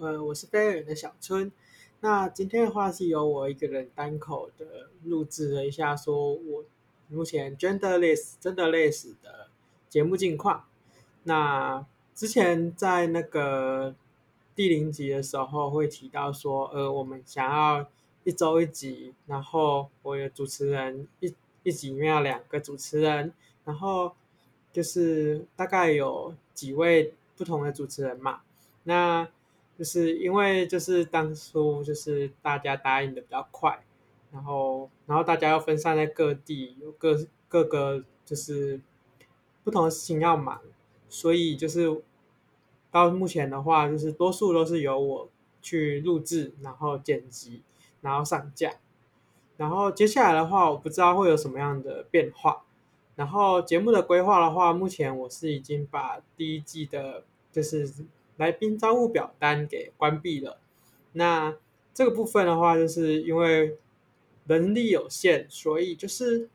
呃，我是飛兒人的小春。那今天的話是由我一個人單口的錄製了一下，說我目前 Genderless 真的累死的節目近況。那之前在那個第零集的時候會提到說，呃，我們想要一周一集，然後我有主持人一一集裡面要兩個主持人，然後就是大概有幾位不同的主持人嘛。那就是因為就是當初就是大家答應的比較快，然後然後大家又分散在各地，有各各個就是不同的事情要忙，所以就是到目前的話，就是多數都是由我去錄製，然後剪輯，然後上架，然後接下來的話，我不知道會有什麼樣的變化。然後節目的規劃的話，目前我是已經把第一季的就是。來賓招募表單給關閉了。那這個部分的話，就是因為人力有限，所以就是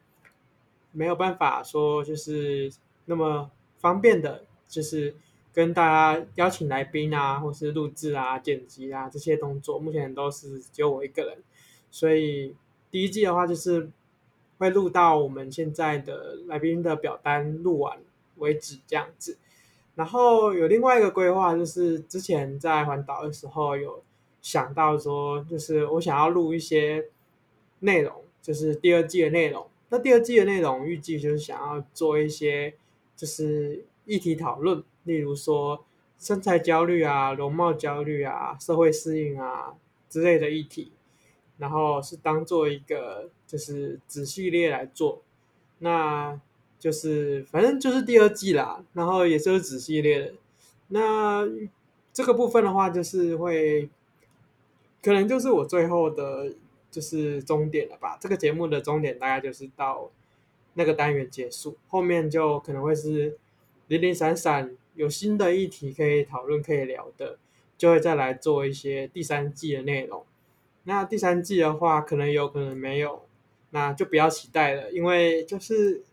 沒有辦法說就是那麼方便的，就是跟大家邀請來賓啊，或是錄制啊、剪輯啊這些動作，目前都是只有我一個人。所以第一季的話，就是會錄到我們現在的來賓的表單錄完為止，這樣子。然後有另外一個規劃，就是之前在環島的時候有想到說，就是我想要錄一些內容，就是第二季的內容。那第二季的內容預計就是想要做一些就是議題討論，例如說身材焦慮啊、容貌焦慮啊、社會適應啊之類的議題，然後是當做一個就是子系列來做。那就是反正就是第二季啦，然後也是有子系列的，那這個部分的話，就是會可能就是我最後的，就是終點了吧。這個節目的終點大概就是到那個單元結束，後面就可能會是零零散散有新的議題可以討論可以聊的，就會再來做一些第三季的內容。那第三季的話，可能有可能沒有，那就不要期待了，因為就是。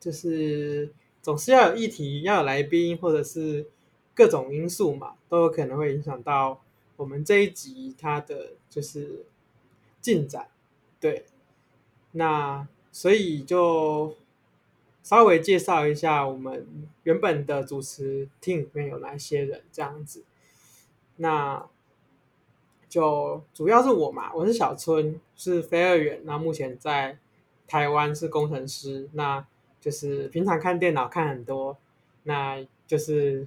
就是總是要有議題，要有來賓，或者是各種因素嘛，都有可能會影響到我們這一集它的就是進展。對，那所以就稍微介紹一下我們原本的主持 team 裡面有哪些人這樣子。那就主要是我嘛，我是小春，是非二元，那目前在台灣是工程師，那。就是平常看電腦看很多，那就是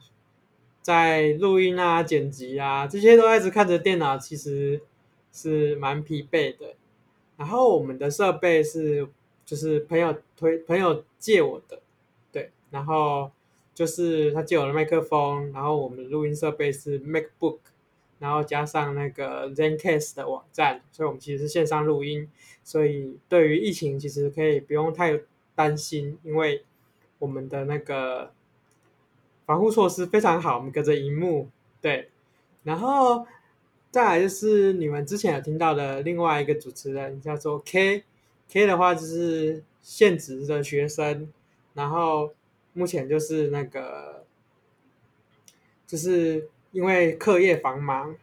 在錄音啊、剪輯啊這些都一直看着電腦，其實是蠻疲憊的。然後我們的設備是就是朋友推朋友借我的，對。然後就是他借我的麥克風，然後我們的錄音設備是 MacBook，然後加上那個 Zencastr 的網站，所以我們其實是線上錄音。所以對於疫情，其實可以不用太。擔心，因為我們的那個防護措施非常好，我們隔着熒幕對。然後再來就是你們之前有聽到的另外一個主持人，叫做 K K 的話，就是現職的學生。然後目前就是那個，就是因為課業繁忙，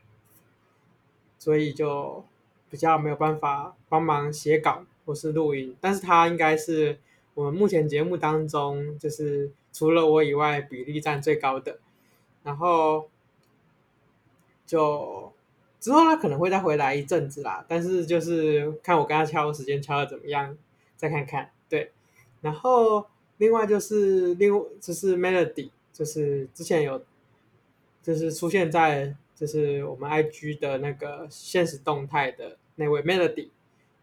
所以就比較沒有辦法幫忙寫稿或是錄音，但是他應該是。我們目前節目當中，就是除了我以外，比例佔最高的。然後就之後他可能會再回來一陣子啦，但是就是看我跟他敲的時間敲的怎麼樣，再看看。對，然後另外就是另就是 Melody，就是之前有就是出現在就是我們 IG 的那個限時動態的那位 Melody，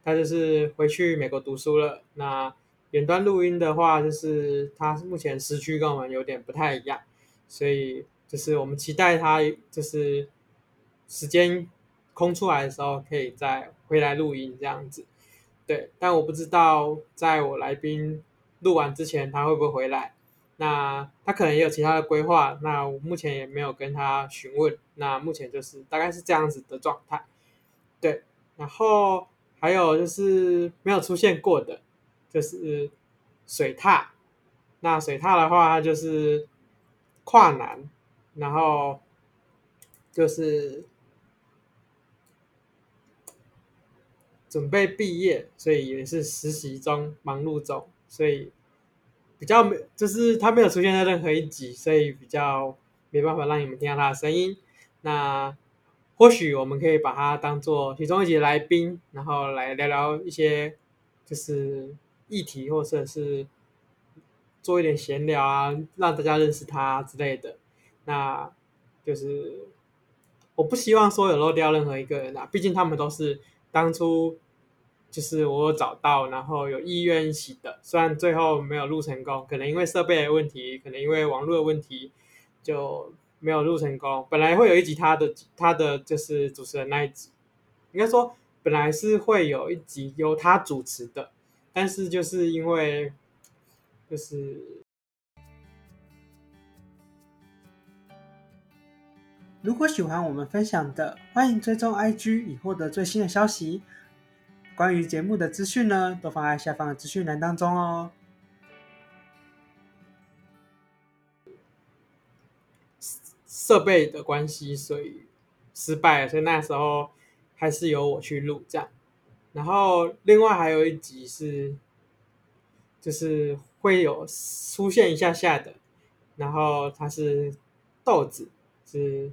他就是回去美國讀書了。那。遠端錄音的話，就是他目前時區跟我們有點不太一樣，所以就是我們期待他就是時間空出來的時候可以再回來錄音這樣子。對，但我不知道在我來賓錄完之前他會不會回來，那他可能也有其他的規劃，那我目前也沒有跟他詢問。那目前就是大概是這樣子的狀態。對，然後還有就是沒有出現過的。就是水獺，那水獺的話，他就是跨男，然後就是準備畢業，所以也是實習中忙碌中，所以比較沒，就是他沒有出現在任何一集，所以比較沒辦法讓你們聽到他的聲音。那或許我們可以把他當做其中一集的來賓，然後來聊聊一些就是。議題，或者是做一點閒聊啊，讓大家認識他之類的。那就是我不希望說有漏掉任何一個人啊，畢竟他們都是當初就是我有找到，然後有意願一起的。雖然最後沒有錄成功，可能因為設備的問題，可能因為網絡的問題，就沒有錄成功。本來會有一集他的，他的就是主持人那一集，應該說本來是會有一集由他主持的。但是就是因為，就是。如果喜歡我們分享的，歡迎追蹤 IG 以獲得最新的消息。關於節目的資訊呢，都放在下方的資訊欄當中哦。設備的關係，所以失敗了，所以那時候還是由我去錄這樣。然後另外還有一集是，就是會有出現一下下的，然後他是豆子，是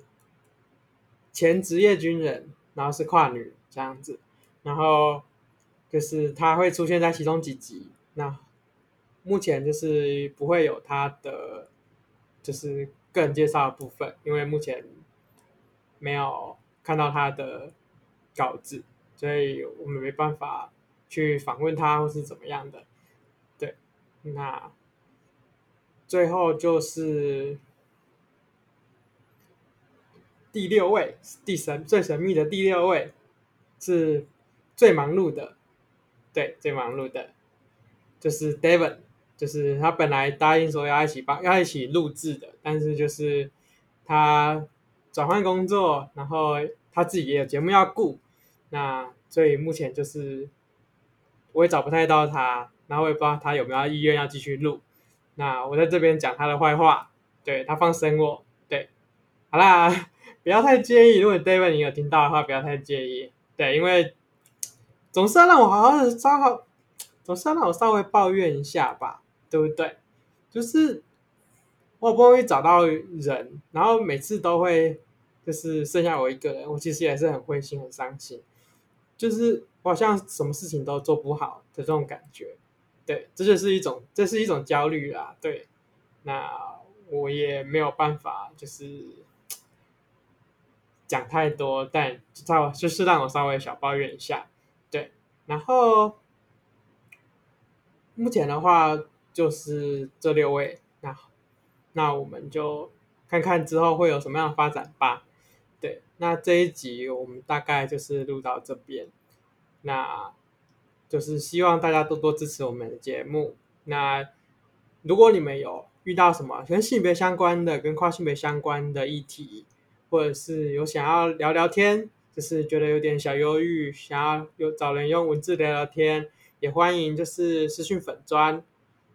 前職業軍人，然後是跨女這樣子，然後就是他會出現在其中幾集，那目前就是不會有他的就是個人介紹的部分，因為目前沒有看到他的稿子。所以我們沒辦法去訪問他或是怎麼樣的，對。那最後就是第六位，第神最神秘的第六位是最忙碌的，對，最忙碌的，就是 Devon，就是他本來答應說要一起幫要一起錄製的，但是就是他轉換工作，然後他自己也有節目要顧。那所以目前就是，我也找不太到他，然後我也不知道他有沒有意願要繼續錄。那我在這邊講他的壞話，對，他放生我，對，好啦，不要太介意。如果你 David 你有聽到的話，不要太介意。對，因為總是要讓我好好的稍好，總是要讓我稍微抱怨一下吧，對不對？就是我好不容易找到人，然後每次都會就是剩下我一個人，我其實也是很灰心很傷心。就是我好像什麼事情都做不好的這種感覺，對，這就是一種，這是一種焦慮啦、啊，對。那我也沒有辦法，就是講太多，但知道就是讓我稍微小抱怨一下，對。然後目前的話就是這六位，那那我們就看看之後會有什麼樣的發展吧。那這一集我們大概就是錄到這邊，那就是希望大家多多支持我們的節目。那如果你們有遇到什麼跟性別相關的、跟跨性別相關的議題，或者是有想要聊聊天，就是覺得有點小憂鬱，想要有找人用文字聊聊天，也歡迎就是私訊粉專，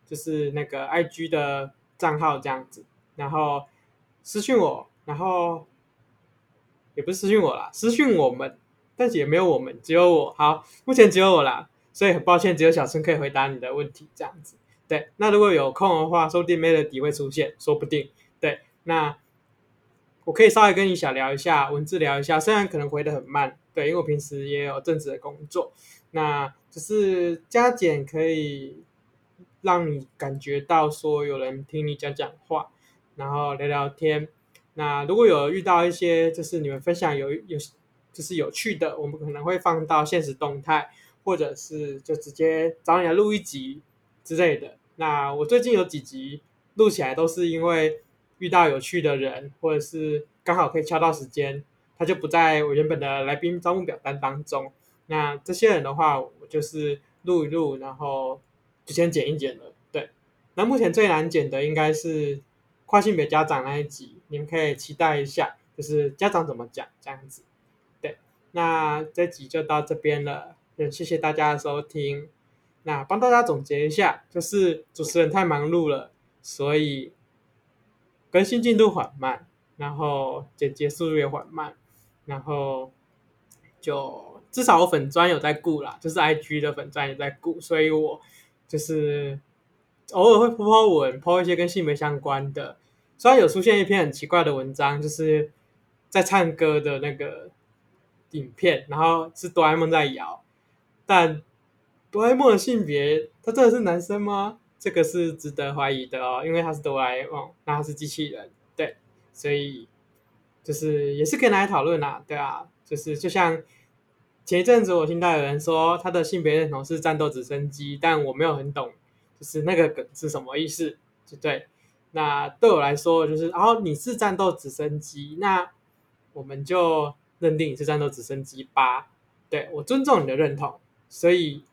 就是那個 IG 的賬號這樣子，然後私訊我，然後。也不是私訊我啦，私訊我們，但是也沒有我們，只有我。好，目前只有我啦，所以很抱歉，只有小春可以回答你的問題。這樣子，對。那如果有空的話，說不定 Melody 會出現，說不定。對，那我可以稍微跟你小聊一下，文字聊一下，雖然可能回得很慢，對，因為我平時也有正職的工作。那只是加減可以讓你感覺到說有人聽你講講話，然後聊聊天。那如果有遇到一些，就是你們分享有有就是有趣的，我們可能會放到限時動態，或者是就直接找你來錄一集之類的。那我最近有幾集錄起來都是因為遇到有趣的人，或者是剛好可以敲到時間，他就不在我原本的來賓招募表單當中。那這些人的話，我就是錄一錄，然後就先剪一剪了。對，那目前最難剪的應該是跨性別家長那一集。你們可以期待一下，就是家長怎麼講這樣子。對，那這集就到這邊了，也謝謝大家收聽。那幫大家總結一下，就是主持人太忙碌了，所以更新進度緩慢，然後剪輯速度也緩慢，然後就至少我粉專有在顧啦，就是 IG 的粉專也在顧，所以我就是偶爾會 PO PO 文，PO 一些跟性別相關的。雖然有出現一篇很奇怪的文章，就是在唱歌的那個影片，然後是哆啦 A 夢在搖，但哆啦 A 夢的性別，他真的是男生嗎？這個是值得懷疑的哦，因為他是哆啦 A 夢，那他是機器人，對，所以就是也是跟大家討論啦，啊，對啊，就是就像前一陣子我聽到有人說他的性別認同是戰鬥直升機，但我沒有很懂，就是那個梗是什麼意思，就對。那對我來說，就是，哦，你是戰鬥直升機，那我們就認定你是戰鬥直升機吧。對，我尊重你的認同，所以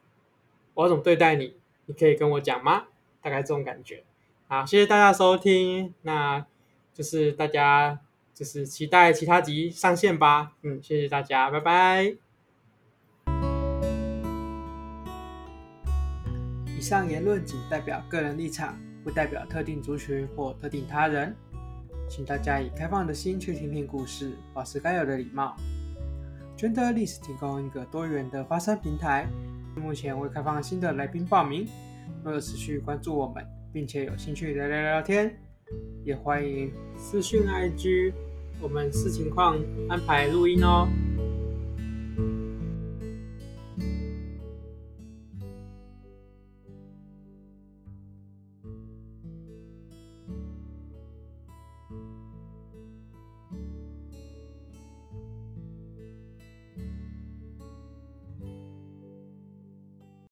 我要怎麼對待你，你可以跟我講嗎？大概這種感覺。好，謝謝大家收聽，那就是大家就是期待其他集上線吧。嗯，謝謝大家，拜拜。以上言論僅代表個人立場。不代表特定族群或特定他人，請大家以開放的心去聽聽故事，保持該有的禮貌。Genderless 提供一個多元的發聲平台，目前未開放新的來賓報名。若有持續關注我們，並且有興趣聊聊聊天，也歡迎私訊 IG，我們視情況安排錄音哦。